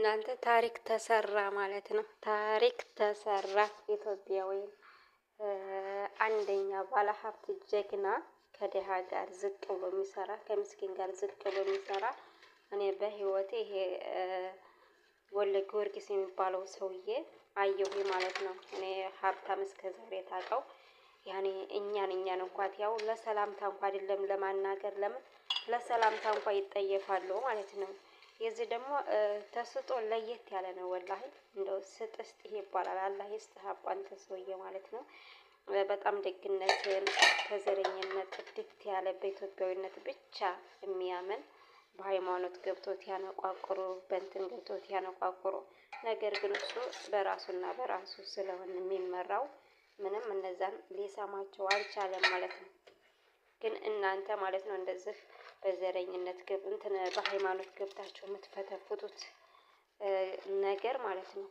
እናንተ ታሪክ ተሰራ ማለት ነው። ታሪክ ተሰራ። ኢትዮጵያዊ አንደኛ ባለሀብት ጀግና ከድሃ ጋር ዝቅ ብሎ የሚሰራ ከምስኪን ጋር ዝቅ ብሎ የሚሰራ እኔ በህይወቴ ይሄ ወለ ጊዮርጊስ የሚባለው ሰውዬ አየሁ ማለት ነው። እኔ ሀብታም እስከ ዛሬ ታውቀው ያኔ እኛን እኛን እንኳን ያው ለሰላምታ እንኳ አይደለም ለማናገር ለምን ለሰላምታ እንኳ ይጠየፋሉ ማለት ነው። የዚህ ደግሞ ተስጦ ለየት ያለ ነው። ወላሂ እንደው ስጥ ስጥህ ይባላል። አላህ ይስጥህ አንተ ሰውዬ ማለት ነው። በጣም ደግነትን ተዘረኝነት፣ ጥድት ያለ በኢትዮጵያዊነት ብቻ የሚያምን በሃይማኖት ገብቶት ያነቋቁሩ በእንትን ገብቶት ያነቋቁሩ። ነገር ግን እሱ በራሱና በራሱ ስለሆነ የሚመራው ምንም እነዛን ሊሰማቸው አልቻለም ማለት ነው። ግን እናንተ ማለት ነው እንደዚህ በዘረኝነት እንትን በሃይማኖት ገብታችሁ የምትፈተፍቱት ነገር ማለት ነው።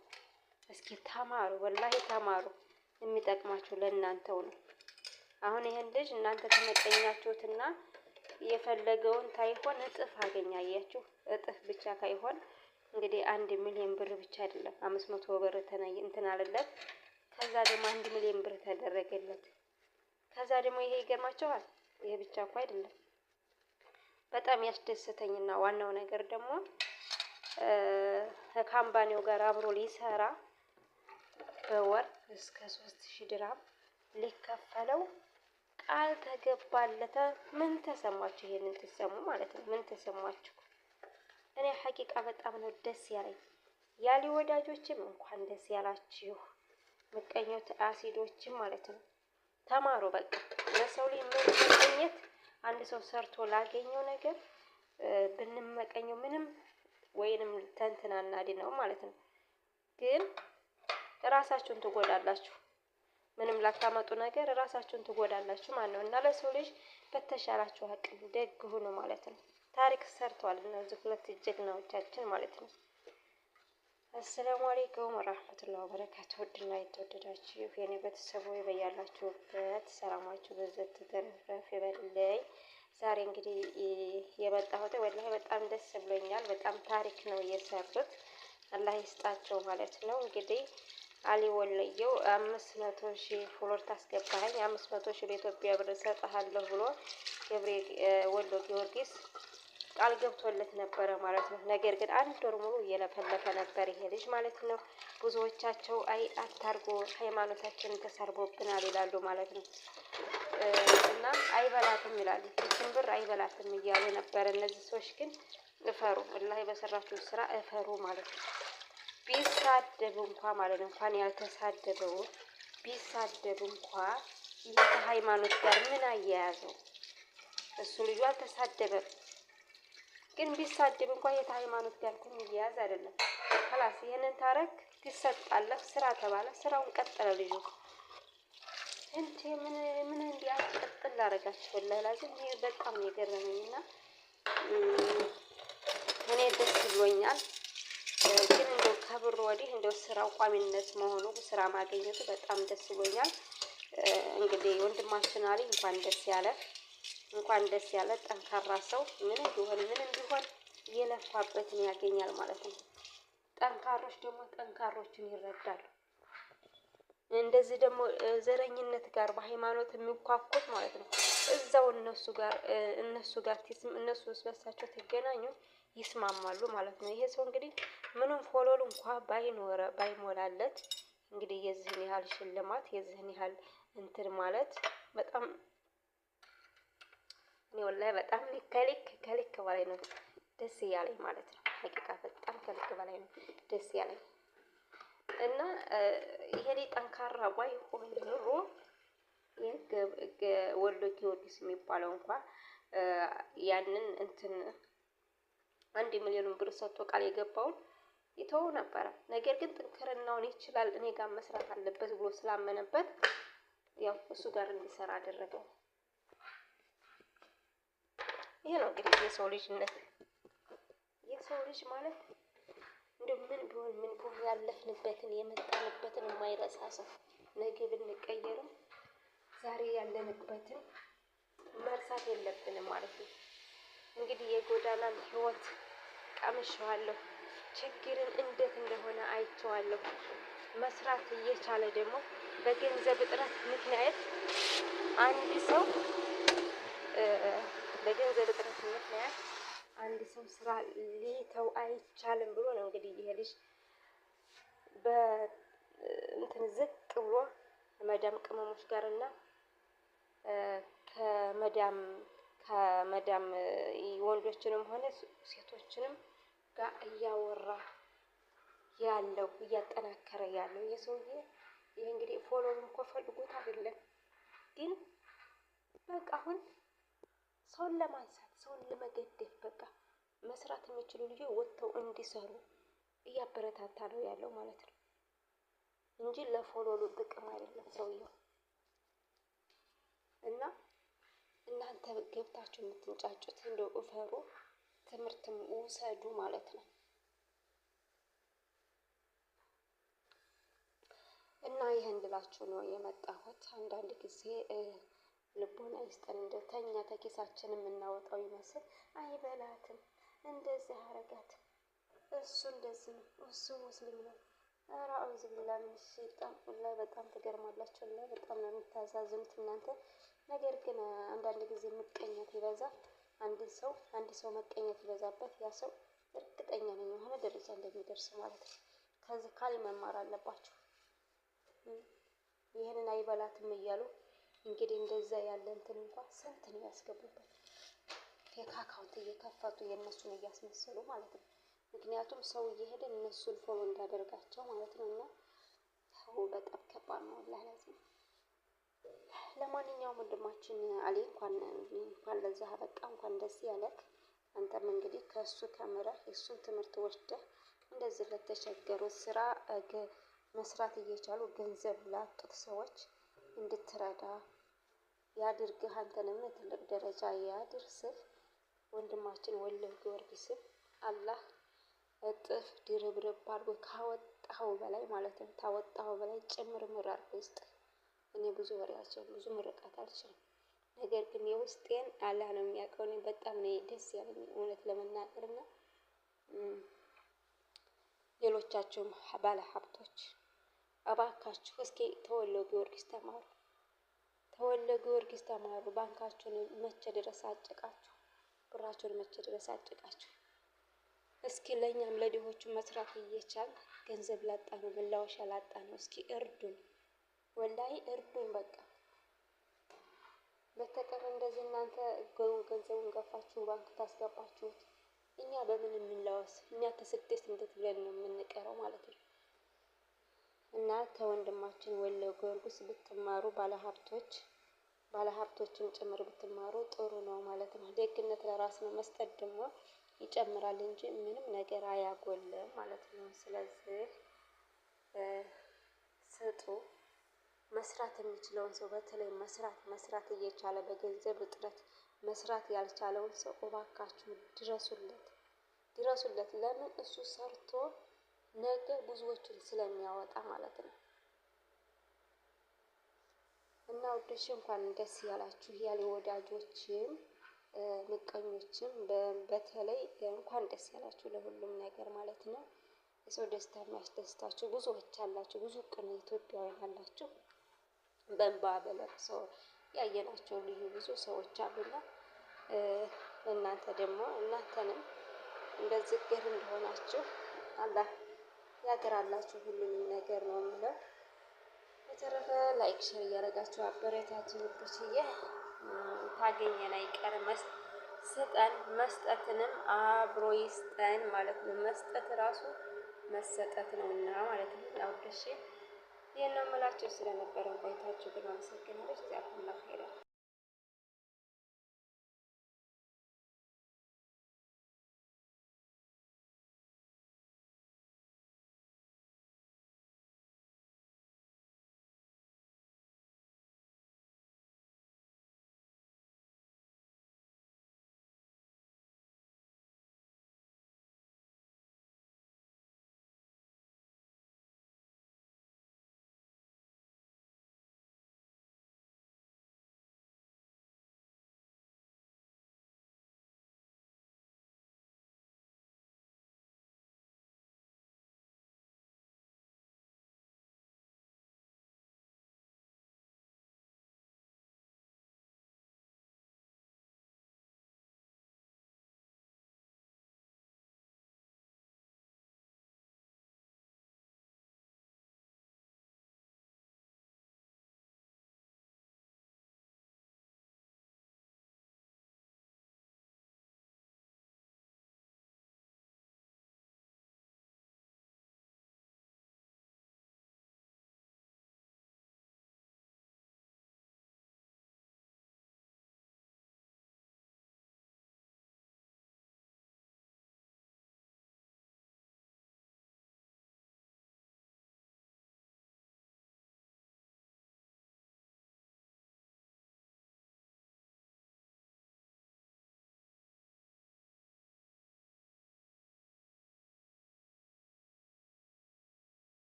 እስኪ ተማሩ፣ ወላሂ ተማሩ። የሚጠቅማችሁ ለእናንተው ነው። አሁን ይህን ልጅ እናንተ ተመቀኛችሁትና የፈለገውን ታይሆን እጥፍ አገኛያችሁ። እጥፍ ብቻ ካይሆን እንግዲህ አንድ ሚሊዮን ብር ብቻ አይደለም አምስት መቶ ብር እንትን አለለት። ከዛ ደግሞ አንድ ሚሊዮን ብር ተደረገለት። ከዛ ደግሞ ይሄ ይገርማቸዋል። ይሄ ብቻ እኮ አይደለም። በጣም ያስደሰተኝና ዋናው ነገር ደግሞ ከካምፓኒው ጋር አብሮ ሊሰራ በወር እስከ ሶስት ሺ ድራም ሊከፈለው ቃል ተገባለተ። ምን ተሰማችሁ? ይሄንን ትሰሙ ማለት ነው። ምን ተሰማችሁ? እኔ ሀቂቃ በጣም ነው ደስ ያለኝ። ያሊ ወዳጆችም እንኳን ደስ ያላችሁ። ምቀኞት አሲዶችም ማለት ነው ተማሩ። በቃ ለሰው ልጅ መገኘት አንድ ሰው ሰርቶ ላገኘው ነገር ብንመቀኘው ምንም ወይንም ተንትና እናዲ ነው ማለት ነው። ግን ራሳችሁን ትጎዳላችሁ። ምንም ላታመጡ ነገር ራሳችሁን ትጎዳላችሁ ማለት ነው። እና ለሰው ልጅ በተሻላችሁ አቅም ደግ ሁኑ ማለት ነው። ታሪክ ሰርተዋል እነዚህ ሁለት ጀግናዎቻችን ማለት ነው። አሰላሙ አሌይኩም ወራህመቱላ ወበረካቱ። ውድና የተወደዳችሁ የኔ ቤተሰቦች በያላችሁበት ሰላማችሁ በዘት ተረፍረፍ ይበልልኝ። ዛሬ እንግዲህ የመጣሁት ወላሂ በጣም ደስ ብሎኛል። በጣም ታሪክ ነው እየሰሩት አላህ ይስጣቸው ማለት ነው። እንግዲህ አሊ ወለየው አምስት መቶ ሺህ ፍሎር ታስገባኸኝ አምስት መቶ ሺህ በኢትዮጵያ ብር እሰጥሃለሁ ብሎ ገብሬ ወሎ ጊዮርጊስ ቃል ገብቶለት ነበረ ማለት ነው። ነገር ግን አንድ ወር ሙሉ እየለፈለፈ ነበር ይሄ ልጅ ማለት ነው። ብዙዎቻቸው አይ አታርጎ ሃይማኖታችን ተሰርቦብናል ይላሉ ማለት ነው። እና አይበላትም ይላሉ ይችን ብር አይበላትም እያሉ ነበረ። እነዚህ ሰዎች ግን እፈሩ፣ እላይ በሰራችሁ ስራ እፈሩ ማለት ነው። ቢሳደብ እንኳ ማለት ነው እንኳን ያልተሳደበው ቢሳደብ እንኳ ይህ ከሃይማኖት ጋር ምን አያያዘው? እሱ ልጁ አልተሳደበም። ግን ቢሳደብ እንኳን የት ሃይማኖት ጋር እኮ የሚያያዝ አይደለም። ከላስ ይህንን ታረክ ትሰጣለህ ስራ ተባለ። ስራውን ቀጠለ ልጁ እንዴ ምን ምን እንዲህ ቀጥል ላደርጋችሁ ወላላዝም ይሄ በጣም የገረመኝ እና እኔ ደስ ብሎኛል። ግን እንደው ከብር ወዲህ እንደው ስራው ቋሚነት መሆኑ ስራ ማገኘቱ በጣም ደስ ብሎኛል። እንግዲህ ወንድማችን አሊ እንኳን ደስ ያለ እንኳን ደስ ያለ ጠንካራ ሰው ምን ቢሆን ምን ቢሆን የለፋበትን ያገኛል ማለት ነው። ጠንካሮች ደግሞ ጠንካሮችን ይረዳሉ። እንደዚህ ደግሞ ዘረኝነት ጋር በሃይማኖት የሚኳኩት ማለት ነው። እዛው እነሱ ጋር እነሱ ጋር እነሱ በሳቸው ትገናኙ ይስማማሉ ማለት ነው። ይሄ ሰው እንግዲህ ምንም ፎሎል እንኳ ባይኖረ ባይሞላለት እንግዲህ የዚህን ያህል ሽልማት የዚህን ያህል እንትን ማለት በጣም ወላሂ በጣም ከልክ ከልክ በላይ ነው ደስ እያለኝ ማለት ነው። ሀቂቃ በጣም ከልክ በላይ ነው ደስ እያለኝ እና ይሄኔ ጠንካራ ባይሆን ኑሮ ይህ ወሎ ጊዮርጊስ የሚባለው እንኳ ያንን እንትን አንድ ሚሊዮን ብር ሰጥቶ ቃል የገባውን ይተው ነበረ። ነገር ግን ጥንክርናውን ይችላል እኔ ጋር መስራት አለበት ብሎ ስላመነበት ያው እሱ ጋር እንዲሰራ አደረገው። ይሄ ነው እንግዲህ የሰው ልጅነት። የሰው ልጅ ማለት እንደ ምን ቢሆን ምን ቢሆን ያለፍንበትን የመጣንበትን የማይረሳ ሰው ነገ ብንቀየርም ዛሬ ያለንበትን መርሳት የለብንም ማለት ነው። እንግዲህ የጎዳናን ህይወት ቀምሼዋለሁ፣ ችግርን እንዴት እንደሆነ አይቼዋለሁ። መስራት እየቻለ ደግሞ በገንዘብ እጥረት ምክንያት አንድ ሰው በገንዘብ እጥረት ምክንያት አንድ ሰው ስራ ሊተው አይቻልም ብሎ ነው እንግዲህ ይሄ ልጅ በእንትን ዝቅ ብሎ ከመዳም ቅመሞች ጋር እና ከመዳም ከመዳም ወንዶችንም ሆነ ሴቶችንም ጋር እያወራ ያለው እያጠናከረ ያለው የሰውዬ ይህ እንግዲህ ፎሎውም እኮ ፈልጎት አይደለም ግን በቃ አሁን ሰውን ለማንሳት ሰውን ለመገደፍ በቃ መስራት የሚችሉ ልጆች ወጥተው እንዲሰሩ እያበረታታ ነው ያለው ማለት ነው እንጂ ለፎሎሉ ጥቅም አይደለም ሰውየው። እና እናንተ ገብታችሁ የምትንጫጩት እንደ እፈሩ፣ ትምህርትም ውሰዱ ማለት ነው። እና ይህን ልላችሁ ነው የመጣሁት አንዳንድ ጊዜ ልቦና ይስጠን። እንደ ተኛ ተኪሳችን የምናወጣው ይመስል አይበላትም። እንደዚህ አረጋት እሱ እንደዚህ ነው። እሱ ሙስሊም ነው። ኧረ አውዝ ብላ ምን ሸይጣን ላይ በጣም ትገርማላችሁ። ላይ በጣም ነው የምታዛዝኑት እናንተ። ነገር ግን አንዳንድ ጊዜ ምቀኘት ይበዛ አንድ ሰው አንድ ሰው መቀኘት ይበዛበት ያ ሰው እርግጠኛ ነኝ የሆነ ደረጃ እንደሚደርስ ማለት ነው። ከዚህ ካል መማር አለባቸው። ይህንን አይበላትም እያሉ እንግዲህ እንደዛ ያለ እንትን እንኳን ስንት ነው ያስገቡበት? ፌክ አካውንት እየከፈቱ የእነሱን እያስመሰሉ ማለት ነው። ምክንያቱም ሰው እየሄደ እነሱን ፎሎ እንዲያደርጋቸው ማለት ነው። እና ሰው በጣም ከባድ ነው ላላዝም። ለማንኛውም ወንድማችን አሊ እንኳን እንኳን ለዛ በቃ እንኳን ደስ ያለክ። አንተም እንግዲህ ከእሱ ተምረህ የእሱን ትምህርት ወስደህ እንደዚህ ለተቸገሩ ስራ መስራት እየቻሉ ገንዘብ ላጡት ሰዎች እንድትረዳ ያድርግህ። አንተንም ትልቅ ደረጃ ያድርስህ። ወንድማችን ወልደ ጊዮርጊስም አላህ እጥፍ ድርብርብ አድርጎ ካወጣኸው በላይ ማለት ነው ታወጣኸው በላይ ጭምር ምራር ውስጥ እኔ ብዙ ወሬ አልችልም፣ ብዙ ምርቃት አልችልም። ነገር ግን የውስጤን አላህ ነው የሚያውቀው። እኔ በጣም ነው ደስ ያለኝ እውነት ለመናገር እና ሌሎቻቸውም ባለ ሀብቶች እባካችሁ እስኪ ተወሎ ጊዮርጊስ ተማሩ፣ ተወሎ ጊዮርጊስ ተማሩ። ባንካችሁን መቼ ድረስ አጭቃችሁ፣ ብራችሁን መቼ ድረስ አጭቃችሁ። እስኪ ለእኛም ለድሆቹ መስራት እየቻል ገንዘብ ላጣ ነው፣ መላወሻ ላጣ ነው። እስኪ እርዱን፣ ወላይ እርዱን። በቃ በተቀረ እንደዚህ እናንተ ገንዘቡን ገፋችሁ ባንክ ታስገባችሁት፣ እኛ በምን እንለወስ? እኛ ከስደት እንዴት ብለን ነው የምንቀረው ማለት ነው። እና ከወንድማችን ወሎ ጊዮርጊስ ብትማሩ ባለሀብቶች ባለሀብቶችን ጭምር ብትማሩ ጥሩ ነው ማለት ነው። ደግነት ለራስ ነው። መስጠት ደግሞ ይጨምራል እንጂ ምንም ነገር አያጎልም ማለት ነው። ስለዚህ ስጡ። መስራት የሚችለውን ሰው በተለይ መስራት መስራት እየቻለ በገንዘብ እጥረት መስራት ያልቻለውን ሰው እባካችሁ ድረሱለት ድረሱለት። ለምን እሱ ሰርቶ ነገ ብዙዎችን ስለሚያወጣ ማለት ነው። እና ውዶች እንኳን ደስ ያላችሁ ያለ ወዳጆችም ምቀኞችም በተለይ እንኳን ደስ ያላችሁ ለሁሉም ነገር ማለት ነው። የሰው ደስታ የሚያስደስታችሁ ብዙዎች አላችሁ፣ ብዙ ቅን ኢትዮጵያውያን አላችሁ። በእንባ በለቅሶ ያየናቸው ልዩ ብዙ ሰዎች አሉና እናንተ ደግሞ እናንተንም እንደዚህ ገር እንደሆናችሁ አላ ያገር አላችሁ ሁሉንም ነገር ነው የሚለው። በተረፈ ላይክ ሸር እያደረጋችሁ አበረታችን ብችዬ ታገኘን አይቀር ስጠን መስጠትንም አብሮ ይስጠን ማለት ነው። መስጠት ራሱ መሰጠት ነው እና ማለት ነው። ይህን ነው የእናመላቸው ስለነበረን ቆይታችሁ ግን አመሰግናለች። አመሰግናለሁ። እግዚአብሔር ሄዳል